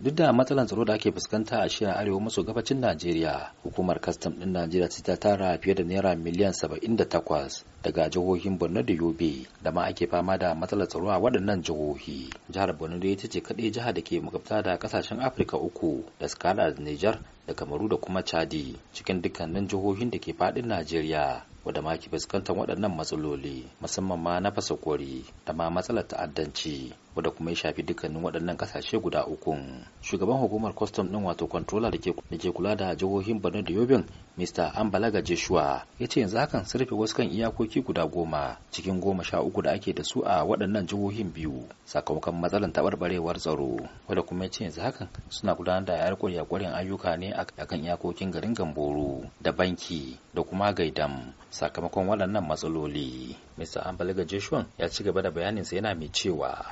duk da matsalan tsaro da ake fuskanta a shirin arewa maso gabacin najeriya hukumar kastam din najeriya ta tara fiye da naira miliyan 78 daga jihohin borno da yobe da ma ake fama da matsalar tsaro a waɗannan jihohi jihar borno da ita ce kaɗai jihar da ke makabta da kasashen afirka uku da suka da niger da kamaru da kuma chadi cikin dukkanin jihohin da ke faɗin najeriya wadda ma ke fuskantar waɗannan matsaloli musamman ma na fasa kori da ma matsalar ta'addanci wadda kuma ya shafi dukkanin waɗannan ƙasashe guda ukun shugaban hukumar kwastam ɗin wato kwantola da ke kula da jihohin borno da yobin mr ambalaga joshua ya ce yanzu hakan sun wasu kan iyakoki guda goma cikin goma sha uku da ake da su a waɗannan jihohin biyu sakamakon matsalar taɓarɓarewar tsaro Wadda kuma ya ce yanzu hakan suna gudanar da yar kwarya-kwaryan ayyuka ne a kan iyakokin garin gamboro da banki da kuma gaidam sakamakon waɗannan matsaloli mr ambalaga Joshua ya ci gaba da bayanin sa yana mai cewa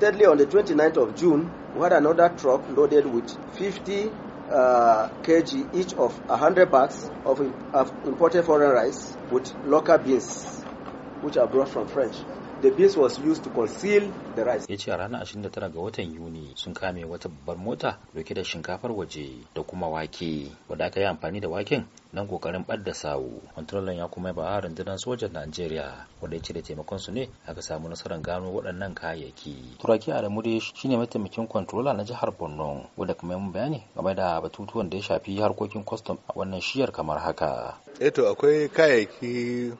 Thirdly, on the 29th of June, we had another truck loaded with 50 uh, kg each of 100 bags of, of imported foreign rice with local beans which are brought from French. The base was used to conceal the rice. Ya ce a ranar 29 ga watan Yuni sun kame wata babbar mota dauke da shinkafar waje da kuma wake wadda aka yi amfani da waken nan kokarin ɓadda sawu. Kwantrolan ya kuma ba rundunar sojan Najeriya wadda ya ce da taimakon su ne aka samu nasarar gano waɗannan kayayyaki. Turaki Adamu dai shine mataimakin kwantrola na jihar Borno wadda kuma yi bayani game da batutuwan da ya shafi harkokin kwastam a wannan shiyar kamar haka. Eh to akwai kayayyaki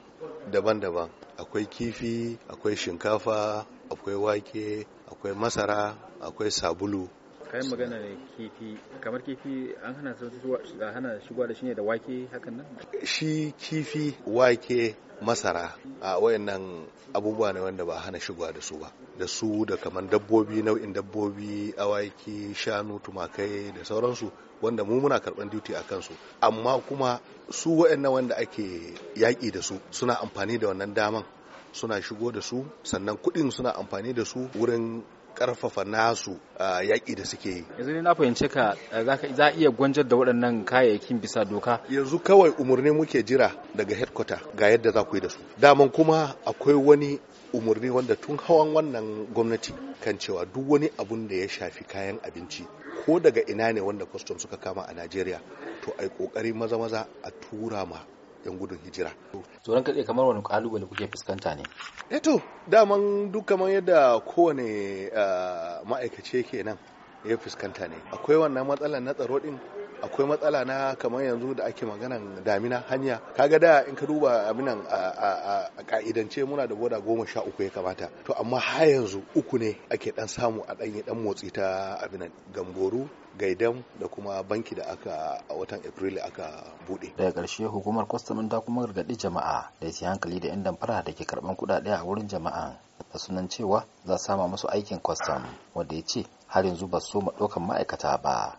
daban-daban akwai kifi akwai shinkafa akwai wake akwai masara akwai sabulu kayan magana da kifi kamar kifi an hana hana shigowa da shi ne da wake hakan nan shi kifi wake masara a wayannan abubuwa ne wanda ba hana shigowa da su ba da su da kamar dabbobi nau'in dabbobi awaki shanu tumakai da sauransu wanda mu muna karban duty a kansu amma kuma su wayannan wanda ake yaƙi da su suna amfani da wannan daman suna shigo da su sannan kuɗin suna amfani da su wurin karfafa nasu yaƙi da suke yi. Yanzu ne na fahimce ka za iya gwanjar da waɗannan kayayyakin bisa doka. Yanzu kawai umarni muke jira daga headquarter ga yadda za ku yi da su. Daman kuma akwai wani umarni wanda tun hawan wannan gwamnati kan cewa duk wani abun da ya shafi kayan abinci ko daga ina ne wanda kwastom suka kama a Najeriya to ai kokari maza maza a tura ma 'yan gudun hijira. Tsoron kaɗe kamar wani ƙalubale kuke fuskanta ne? Eto, eh daman duk kamar yadda kowane eh, ma'aikaci kenan ya fuskanta ne. Akwai wannan matsalar na tsaro ɗin akwai matsala na kamar yanzu da ake maganan damina hanya kaga da in ka duba abinan a ka'idance muna da boda goma sha uku ya kamata to amma har yanzu uku ne ake dan samu a dan dan motsi ta abinan gamboru gaidan da kuma banki da aka a watan april aka bude daga karshe hukumar kwastam ta kuma gargadi jama'a da su hankali da yan damfara da ke karban kudade a wurin jama'a da sunan cewa za sama musu aikin kwastam wanda ya ce har yanzu ba su so ɗaukan ma'aikata ba